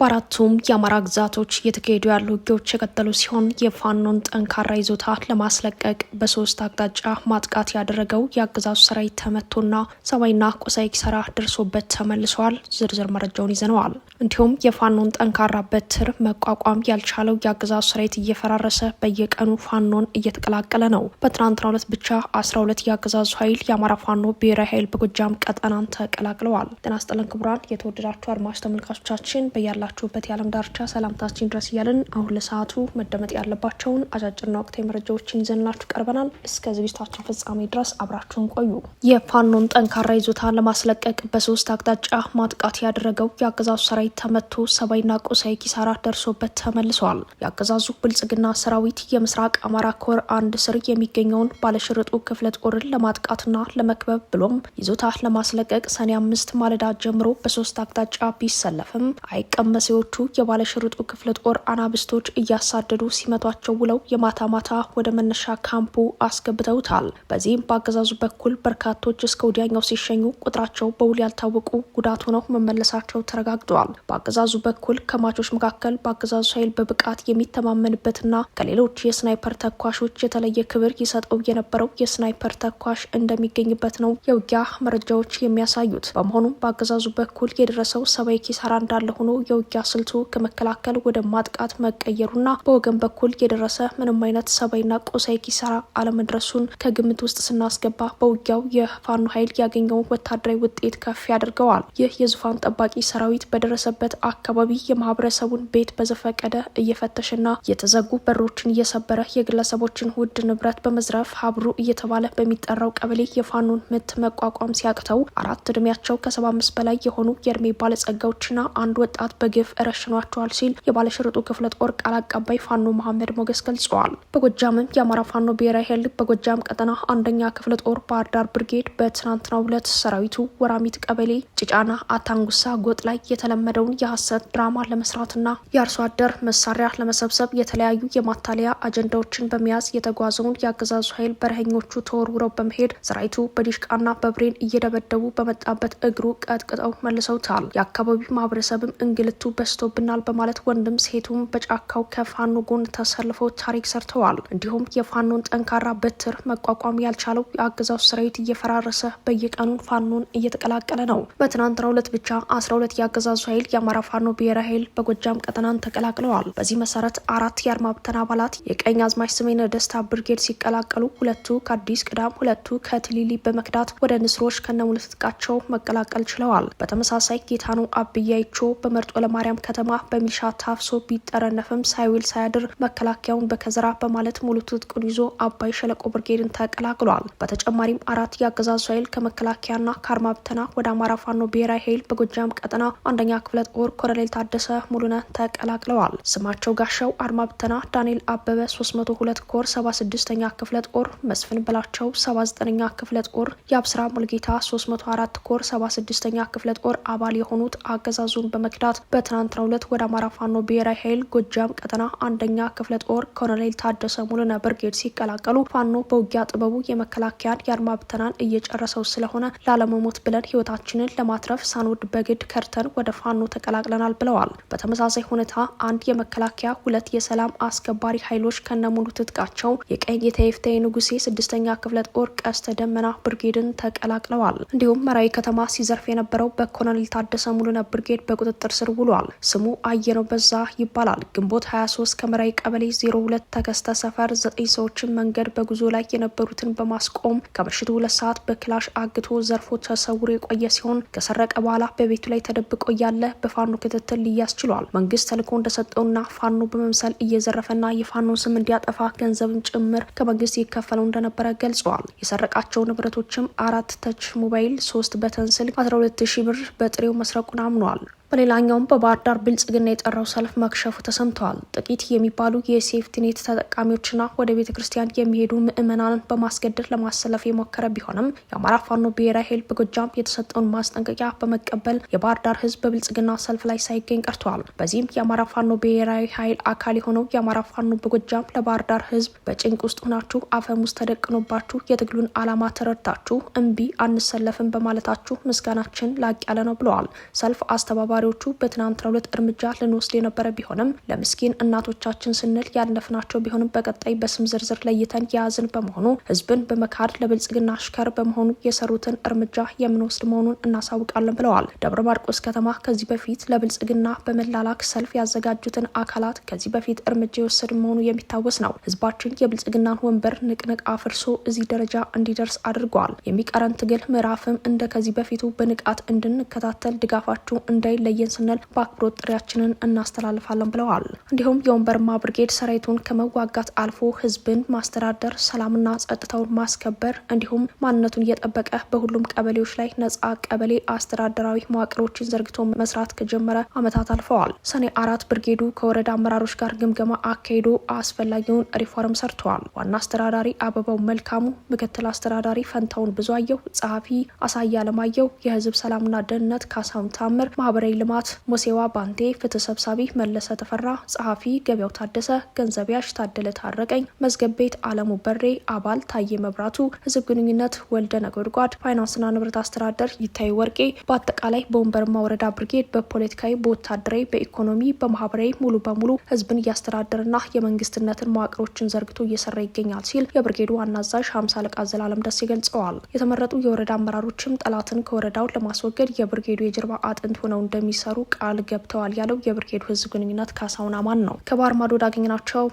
በአራቱም የአማራ ግዛቶች እየተካሄዱ ያሉ ውጊያዎች የቀጠሉ ሲሆን የፋኖን ጠንካራ ይዞታ ለማስለቀቅ በሶስት አቅጣጫ ማጥቃት ያደረገው የአገዛዙ ሰራዊት ተመቶና ሰብአዊና ቁሳዊ ኪሳራ ደርሶበት ተመልሰዋል። ዝርዝር መረጃውን ይዘነዋል። እንዲሁም የፋኖን ጠንካራ በትር መቋቋም ያልቻለው የአገዛዙ ሰራዊት እየፈራረሰ በየቀኑ ፋኖን እየተቀላቀለ ነው። በትናንትናው ዕለት ብቻ አስራ ሁለት የአገዛዙ ኃይል የአማራ ፋኖ ብሔራዊ ኃይል በጎጃም ቀጠናን ተቀላቅለዋል። ጤና ይስጥልን ክቡራን የተወደዳችሁ አድማጭ ተመልካቾቻችን በያላ በያላችሁበት የዓለም ዳርቻ ሰላምታችን ድረስ እያለን አሁን ለሰዓቱ መደመጥ ያለባቸውን አጫጭርና ወቅታዊ መረጃዎችን ይዘንላችሁ ቀርበናል። እስከ ዝግጅታችን ፍጻሜ ድረስ አብራችሁን ቆዩ። የፋኖን ጠንካራ ይዞታ ለማስለቀቅ በሶስት አቅጣጫ ማጥቃት ያደረገው የአገዛዙ ሰራዊት ተመቶ ሰብአዊና ቁሳዊ ኪሳራ ደርሶበት ተመልሰዋል። የአገዛዙ ብልጽግና ሰራዊት የምስራቅ አማራ ኮር አንድ ስር የሚገኘውን ባለሽርጡ ክፍለ ጦርን ለማጥቃትና ለመክበብ ብሎም ይዞታ ለማስለቀቅ ሰኔ አምስት ማለዳ ጀምሮ በሶስት አቅጣጫ ቢሰለፍም አይቀመ መሲዎቹ የባለሽርጡ ክፍለ ጦር አናብስቶች እያሳደዱ ሲመቷቸው ውለው የማታ ማታ ወደ መነሻ ካምፑ አስገብተውታል። በዚህም በአገዛዙ በኩል በርካቶች እስከ ወዲያኛው ሲሸኙ፣ ቁጥራቸው በውል ያልታወቁ ጉዳት ሆነው መመለሳቸው ተረጋግጠዋል። በአገዛዙ በኩል ከማቾች መካከል በአገዛዙ ኃይል በብቃት የሚተማመንበትና ከሌሎች የስናይፐር ተኳሾች የተለየ ክብር ይሰጠው የነበረው የስናይፐር ተኳሽ እንደሚገኝበት ነው የውጊያ መረጃዎች የሚያሳዩት። በመሆኑም በአገዛዙ በኩል የደረሰው ሰብአዊ ኪሳራ እንዳለ ሆኖ የእርምጃ ስልቱ ከመከላከል ወደ ማጥቃት መቀየሩና በወገን በኩል የደረሰ ምንም አይነት ሰብአዊና ቁሳዊ ኪሳራ አለመድረሱን ከግምት ውስጥ ስናስገባ በውጊያው የፋኖ ኃይል ያገኘውን ወታደራዊ ውጤት ከፍ ያደርገዋል። ይህ የዙፋን ጠባቂ ሰራዊት በደረሰበት አካባቢ የማህበረሰቡን ቤት በዘፈቀደ እየፈተሸና የተዘጉ በሮችን እየሰበረ የግለሰቦችን ውድ ንብረት በመዝረፍ ሀብሩ እየተባለ በሚጠራው ቀበሌ የፋኖን ምት መቋቋም ሲያቅተው አራት እድሜያቸው ከሰባ አምስት በላይ የሆኑ የእድሜ ባለጸጋዎችና አንድ ወጣት በግ በግፍ ረሽኗቸዋል ሲል የባለሽርጡ ክፍለ ጦር ቃል አቀባይ ፋኖ መሐመድ ሞገስ ገልጸዋል። በጎጃምም የአማራ ፋኖ ብሔራዊ ኃይል በጎጃም ቀጠና አንደኛ ክፍለ ጦር ባህርዳር ብርጌድ በትናንትናው ዕለት ሰራዊቱ ወራሚት ቀበሌ ጭጫና አታንጉሳ ጎጥ ላይ የተለመደውን የሐሰት ድራማ ለመስራትና የአርሶ አደር መሳሪያ ለመሰብሰብ የተለያዩ የማታለያ አጀንዳዎችን በመያዝ የተጓዘውን የአገዛዙ ኃይል በረሀኞቹ ተወርውረው በመሄድ ሰራዊቱ በዲሽቃና በብሬን እየደበደቡ በመጣበት እግሩ ቀጥቅጠው መልሰውታል። የአካባቢው ማህበረሰብም እንግልቱ በዝቶብናል በማለት ወንድም ሴቱም በጫካው ከፋኖ ጎን ተሰልፈው ታሪክ ሰርተዋል። እንዲሁም የፋኖን ጠንካራ በትር መቋቋም ያልቻለው የአገዛዙ ሰራዊት እየፈራረሰ በየቀኑ ፋኖን እየተቀላቀለ ነው። በትናንትናው ዕለት ብቻ አስራ ሁለት የአገዛዙ ኃይል የአማራ ፋኖ ብሔራዊ ኃይል በጎጃም ቀጠናን ተቀላቅለዋል። በዚህ መሰረት አራት የአርማብተን ብተና አባላት የቀኝ አዝማች ስሜነ ደስታ ብርጌድ ሲቀላቀሉ ሁለቱ ከአዲስ ቅዳም፣ ሁለቱ ከትሊሊ በመክዳት ወደ ንስሮች ከነሙሉ ትጥቃቸው መቀላቀል ችለዋል። በተመሳሳይ ጌታኑ አብያይቾ በመርጦ ኃይለማርያም ከተማ በሚሊሻ ታፍሶ ቢጠረነፍም ሳይውል ሳያድር መከላከያውን በከዘራ በማለት ሙሉ ትጥቁን ይዞ አባይ ሸለቆ ብርጌድን ተቀላቅሏል። በተጨማሪም አራት የአገዛዙ ኃይል ከመከላከያና ከአርማ ብተና ወደ አማራ ፋኖ ብሔራዊ ኃይል በጎጃም ቀጠና አንደኛ ክፍለ ጦር ኮሎኔል ታደሰ ሙሉነ ተቀላቅለዋል። ስማቸው ጋሻው አርማ ብተና፣ ዳንኤል አበበ 302 ኮር 76ኛ ክፍለ ጦር፣ መስፍን በላቸው 79ኛ ክፍለ ጦር፣ የአብስራ ሙልጌታ 304 ኮር 76ኛ ክፍለ ጦር አባል የሆኑት አገዛዙን በመክዳት በ በትናንትናው ዕለት ወደ አማራ ፋኖ ብሔራዊ ኃይል ጎጃም ቀጠና አንደኛ ክፍለ ጦር ኮሎኔል ታደሰ ሙሉነ ብርጌድ ሲቀላቀሉ ፋኖ በውጊያ ጥበቡ የመከላከያን የአድማ ብተናን እየጨረሰው ስለሆነ ላለመሞት ብለን ህይወታችንን ለማትረፍ ሳንወድ በግድ ከርተን ወደ ፋኖ ተቀላቅለናል ብለዋል። በተመሳሳይ ሁኔታ አንድ የመከላከያ ሁለት የሰላም አስከባሪ ኃይሎች ከነሙሉ ትጥቃቸው የቀኝ የተይፍተ ንጉሴ ስድስተኛ ክፍለ ጦር ቀስተ ደመና ብርጌድን ተቀላቅለዋል። እንዲሁም መራዊ ከተማ ሲዘርፍ የነበረው በኮሎኔል ታደሰ ሙሉነ ብርጌድ በቁጥጥር ስር ውሎ ውሏል። ስሙ አየነው በዛ ይባላል። ግንቦት 23 ከመራዊ ቀበሌ 02 ተከስተ ሰፈር ዘጠኝ ሰዎችን መንገድ በጉዞ ላይ የነበሩትን በማስቆም ከምሽቱ ሁለት ሰዓት በክላሽ አግቶ ዘርፎ ተሰውሮ የቆየ ሲሆን ከሰረቀ በኋላ በቤቱ ላይ ተደብቆ እያለ በፋኖ ክትትል ሊያዝ ችሏል። መንግስት ተልዕኮ እንደሰጠውና ፋኖ በመምሰል እየዘረፈና የፋኖን ስም እንዲያጠፋ ገንዘብን ጭምር ከመንግስት ይከፈለው እንደነበረ ገልጸዋል። የሰረቃቸው ንብረቶችም አራት ተች ሞባይል፣ ሶስት በተንስል፣ ስልክ፣ 12 ሺ ብር በጥሬው መስረቁን አምኗል። በሌላኛውም በባህር ዳር ብልጽግና የጠራው ሰልፍ መክሸፉ ተሰምተዋል። ጥቂት የሚባሉ የሴፍቲኔት ተጠቃሚዎችና ወደ ቤተ ክርስቲያን የሚሄዱ ምዕመናንን በማስገደድ ለማሰለፍ የሞከረ ቢሆንም የአማራ ፋኖ ብሔራዊ ኃይል በጎጃም የተሰጠውን ማስጠንቀቂያ በመቀበል የባህር ዳር ህዝብ በብልጽግና ሰልፍ ላይ ሳይገኝ ቀርተዋል። በዚህም የአማራ ፋኖ ብሔራዊ ኃይል አካል የሆነው የአማራ ፋኖ በጎጃም ለባህር ዳር ህዝብ በጭንቅ ውስጥ ሆናችሁ ውስጥ ተደቅኖባችሁ የትግሉን ዓላማ ተረድታችሁ እምቢ አንሰለፍም በማለታችሁ ምስጋናችን ላቅ ያለ ነው ብለዋል። ሰልፍ አስተባባሪ ተማሪዎቹ በትናንትናው ዕለት እርምጃ ልንወስድ የነበረ ቢሆንም ለምስኪን እናቶቻችን ስንል ያለፍናቸው ቢሆንም በቀጣይ በስም ዝርዝር ለይተን የያዝን በመሆኑ ህዝብን በመካድ ለብልጽግና አሽከር በመሆኑ የሰሩትን እርምጃ የምንወስድ መሆኑን እናሳውቃለን ብለዋል። ደብረ ማርቆስ ከተማ ከዚህ በፊት ለብልጽግና በመላላክ ሰልፍ ያዘጋጁትን አካላት ከዚህ በፊት እርምጃ የወሰድ መሆኑ የሚታወስ ነው። ህዝባችን የብልጽግናን ወንበር ንቅንቅ አፍርሶ እዚህ ደረጃ እንዲደርስ አድርገዋል። የሚቀረን ትግል ምዕራፍም እንደ ከዚህ በፊቱ በንቃት እንድንከታተል ድጋፋችሁ እንዳይለ ለየን ስንል በአክብሮት ጥሪያችንን እናስተላልፋለን ብለዋል። እንዲሁም የወንበርማ ብርጌድ ሰራዊቱን ከመዋጋት አልፎ ህዝብን ማስተዳደር፣ ሰላምና ጸጥታውን ማስከበር እንዲሁም ማንነቱን እየጠበቀ በሁሉም ቀበሌዎች ላይ ነጻ ቀበሌ አስተዳደራዊ መዋቅሮችን ዘርግቶ መስራት ከጀመረ ዓመታት አልፈዋል። ሰኔ አራት ብርጌዱ ከወረዳ አመራሮች ጋር ግምገማ አካሂዶ አስፈላጊውን ሪፎርም ሰርተዋል። ዋና አስተዳዳሪ አበባው መልካሙ፣ ምክትል አስተዳዳሪ ፈንታውን ብዙአየሁ፣ ጸሐፊ አሳያ አለማየሁ፣ የህዝብ ሰላምና ደህንነት ካሳሁን ታምር፣ ማህበራዊ ሽልማት ሙሴዋ ባንቴ፣ ፍትህ ሰብሳቢ መለሰ ተፈራ፣ ጸሐፊ ገበያው ታደሰ፣ ገንዘቢያሽ ታደለ ታረቀኝ፣ መዝገብ ቤት አለሙ በሬ፣ አባል ታዬ መብራቱ፣ ህዝብ ግንኙነት ወልደ ነጎድጓድ፣ ፋይናንስና ንብረት አስተዳደር ይታይ ወርቄ። በአጠቃላይ በወንበርማ ወረዳ ብርጌድ በፖለቲካዊ፣ በወታደራዊ፣ በኢኮኖሚ፣ በማህበራዊ ሙሉ በሙሉ ህዝብን እያስተዳደረና የመንግስትነትን መዋቅሮችን ዘርግቶ እየሰራ ይገኛል ሲል የብርጌዱ ዋና አዛዥ ሀምሳ አለቃ ዘላለም ደሴ ገልጸዋል። የተመረጡ የወረዳ አመራሮችም ጠላትን ከወረዳው ለማስወገድ የብርጌዱ የጀርባ አጥንት ሆነው እንደሚ እንደሚሰሩ ቃል ገብተዋል ያለው የብርጌዱ ህዝብ ግንኙነት ካሳሁን አማን ነው። ከባህር ማዶ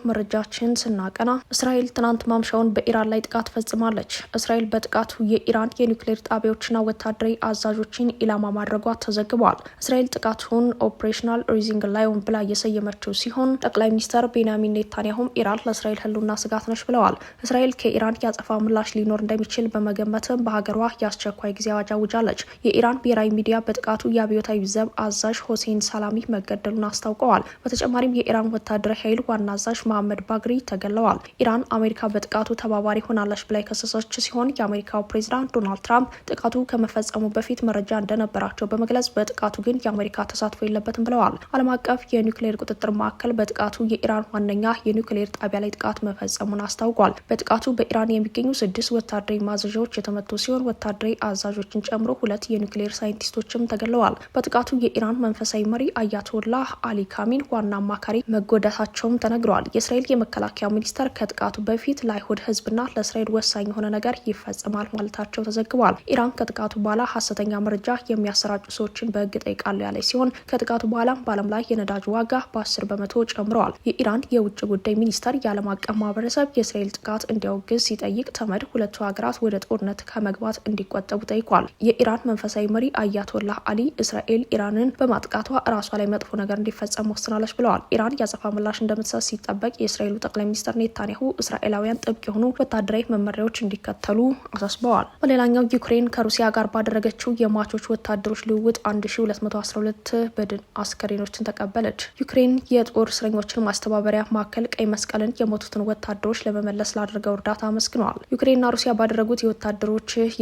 መረጃችን ስናቀና እስራኤል ትናንት ማምሻውን በኢራን ላይ ጥቃት ፈጽማለች። እስራኤል በጥቃቱ የኢራን የኒውክሌር ጣቢያዎችና ወታደራዊ አዛዦችን ኢላማ ማድረጓ ተዘግቧል። እስራኤል ጥቃቱን ኦፕሬሽናል ሪዚንግ ላዮን ብላ እየሰየመችው ሲሆን ጠቅላይ ሚኒስተር ቤንያሚን ኔታንያሁም ኢራን ለእስራኤል ህልውና ስጋት ነች ብለዋል። እስራኤል ከኢራን ያጸፋ ምላሽ ሊኖር እንደሚችል በመገመትም በሀገሯ የአስቸኳይ ጊዜ አዋጅ አውጃለች። የኢራን ብሔራዊ ሚዲያ በጥቃቱ የአብዮታዊ ዘብ አዛዥ ሆሴን ሰላሚ መገደሉን አስታውቀዋል። በተጨማሪም የኢራን ወታደራዊ ኃይል ዋና አዛዥ መሐመድ ባግሪ ተገለዋል። ኢራን አሜሪካ በጥቃቱ ተባባሪ ሆናለች ብላ የከሰሰች ሲሆን የአሜሪካው ፕሬዚዳንት ዶናልድ ትራምፕ ጥቃቱ ከመፈጸሙ በፊት መረጃ እንደነበራቸው በመግለጽ በጥቃቱ ግን የአሜሪካ ተሳትፎ የለበትም ብለዋል። ዓለም አቀፍ የኒውክሌር ቁጥጥር ማዕከል በጥቃቱ የኢራን ዋነኛ የኒውክሌር ጣቢያ ላይ ጥቃት መፈጸሙን አስታውቋል። በጥቃቱ በኢራን የሚገኙ ስድስት ወታደራዊ ማዘዣዎች የተመቱ ሲሆን ወታደራዊ አዛዦችን ጨምሮ ሁለት የኒውክሌር ሳይንቲስቶችም ተገለዋል። በጥቃቱ የኢራን መንፈሳዊ መሪ አያቶላህ አሊ ካሚን ዋና አማካሪ መጎዳታቸውም ተነግረዋል። የእስራኤል የመከላከያ ሚኒስተር ከጥቃቱ በፊት ለአይሁድ ህዝብና ለእስራኤል ወሳኝ የሆነ ነገር ይፈጸማል ማለታቸው ተዘግበዋል። ኢራን ከጥቃቱ በኋላ ሀሰተኛ መረጃ የሚያሰራጩ ሰዎችን በህግ ጠይቃሉ ያለች ሲሆን ከጥቃቱ በኋላም በዓለም ላይ የነዳጅ ዋጋ በአስር በመቶ ጨምረዋል። የኢራን የውጭ ጉዳይ ሚኒስተር የዓለም አቀፍ ማህበረሰብ የእስራኤል ጥቃት እንዲያወግዝ ሲጠይቅ ተመድ ሁለቱ ሀገራት ወደ ጦርነት ከመግባት እንዲቆጠቡ ጠይቋል። የኢራን መንፈሳዊ መሪ አያቶላህ አሊ እስራኤል ኢራን ኢራንን በማጥቃቷ ራሷ ላይ መጥፎ ነገር እንዲፈጸም ወስናለች ብለዋል። ኢራን የአጸፋ ምላሽ እንደምትሰጥ ሲጠበቅ የእስራኤሉ ጠቅላይ ሚኒስትር ኔታንያሁ እስራኤላውያን ጥብቅ የሆኑ ወታደራዊ መመሪያዎች እንዲከተሉ አሳስበዋል። በሌላኛው ዩክሬን ከሩሲያ ጋር ባደረገችው የሟቾች ወታደሮች ልውውጥ 1212 በድን አስከሬኖችን ተቀበለች። ዩክሬን የጦር እስረኞችን ማስተባበሪያ ማዕከል ቀይ መስቀልን የሞቱትን ወታደሮች ለመመለስ ላደረገው እርዳታ አመስግነዋል። ዩክሬንና ሩሲያ ባደረጉት የወታደሮች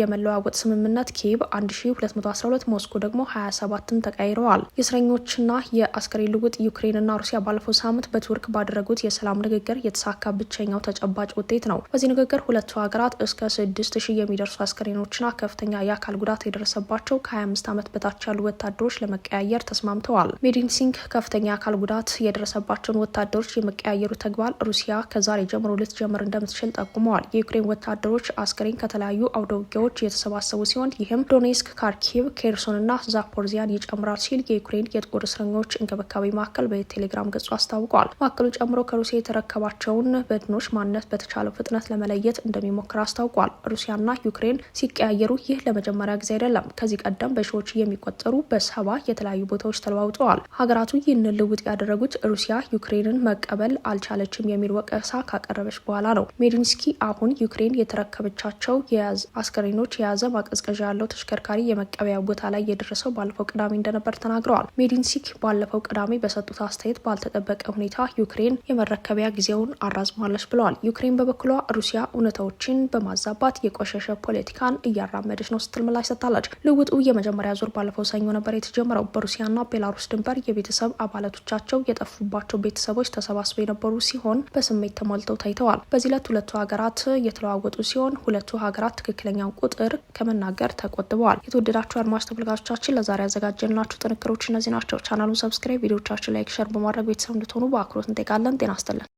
የመለዋወጥ ስምምነት ኪየቭ 1212 ሞስኮ ደግሞ 27ን ተቀ ተቀይረዋል። የእስረኞችና የአስከሬን ልውውጥ ዩክሬንና ሩሲያ ባለፈው ሳምንት በቱርክ ባደረጉት የሰላም ንግግር የተሳካ ብቸኛው ተጨባጭ ውጤት ነው። በዚህ ንግግር ሁለቱ ሀገራት እስከ ስድስት ሺህ የሚደርሱ አስከሬኖችና ከፍተኛ የአካል ጉዳት የደረሰባቸው ከ25 ዓመት በታች ያሉ ወታደሮች ለመቀያየር ተስማምተዋል። ሜዲንሲንግ ከፍተኛ የአካል ጉዳት የደረሰባቸውን ወታደሮች የመቀያየሩ ተግባር ሩሲያ ከዛሬ ጀምሮ ልትጀምር እንደምትችል ጠቁመዋል። የዩክሬን ወታደሮች አስከሬን ከተለያዩ አውደውጊያዎች የተሰባሰቡ ሲሆን ይህም ዶኔስክ፣ ካርኪቭ፣ ኬርሶንና ዛፖርዚያን ይጨምራል ይኖራል ሲል የዩክሬን የጥቁር እስረኞች እንክብካቤ ማዕከል በቴሌግራም ገጹ አስታውቋል። ማዕከሉ ጨምሮ ከሩሲያ የተረከባቸውን በድኖች ማንነት በተቻለው ፍጥነት ለመለየት እንደሚሞክር አስታውቋል። ሩሲያና ዩክሬን ሲቀያየሩ ይህ ለመጀመሪያ ጊዜ አይደለም። ከዚህ ቀደም በሺዎች የሚቆጠሩ በሰባ የተለያዩ ቦታዎች ተለዋውጠዋል። ሀገራቱ ይህንን ልውጥ ያደረጉት ሩሲያ ዩክሬንን መቀበል አልቻለችም የሚል ወቀሳ ካቀረበች በኋላ ነው። ሜዲንስኪ አሁን ዩክሬን የተረከበቻቸው አስከሬኖች የያዘ ማቀዝቀዣ ያለው ተሽከርካሪ የመቀበያ ቦታ ላይ የደረሰው ባለፈው ቅዳሜ እንደነበር እንደነበር ተናግረዋል። ሜዲንሲክ ባለፈው ቅዳሜ በሰጡት አስተያየት ባልተጠበቀ ሁኔታ ዩክሬን የመረከቢያ ጊዜውን አራዝማለች ብለዋል። ዩክሬን በበኩሏ ሩሲያ እውነታዎችን በማዛባት የቆሸሸ ፖለቲካን እያራመደች ነው ስትል ምላሽ ሰጥታለች። ልውጡ የመጀመሪያ ዙር ባለፈው ሰኞ ነበር የተጀመረው። በሩሲያና ቤላሩስ ድንበር የቤተሰብ አባላቶቻቸው የጠፉባቸው ቤተሰቦች ተሰባስበው የነበሩ ሲሆን በስሜት ተሞልተው ታይተዋል። በዚህ ዕለት ሁለቱ ሀገራት የተለዋወጡ ሲሆን ሁለቱ ሀገራት ትክክለኛውን ቁጥር ከመናገር ተቆጥበዋል። የተወደዳችሁ አድማጭ ተመልካቾቻችን ለዛሬ ያዘጋጀንላችሁ ያሉናቸው ጥንክሮች እነዚህ ናቸው። ቻናሉን ሰብስክራይብ፣ ቪዲዮቻችን ላይክ፣ ሸር በማድረግ ቤተሰብ እንድትሆኑ በአክብሮት እንጠይቃለን። ጤና ይስጥልን።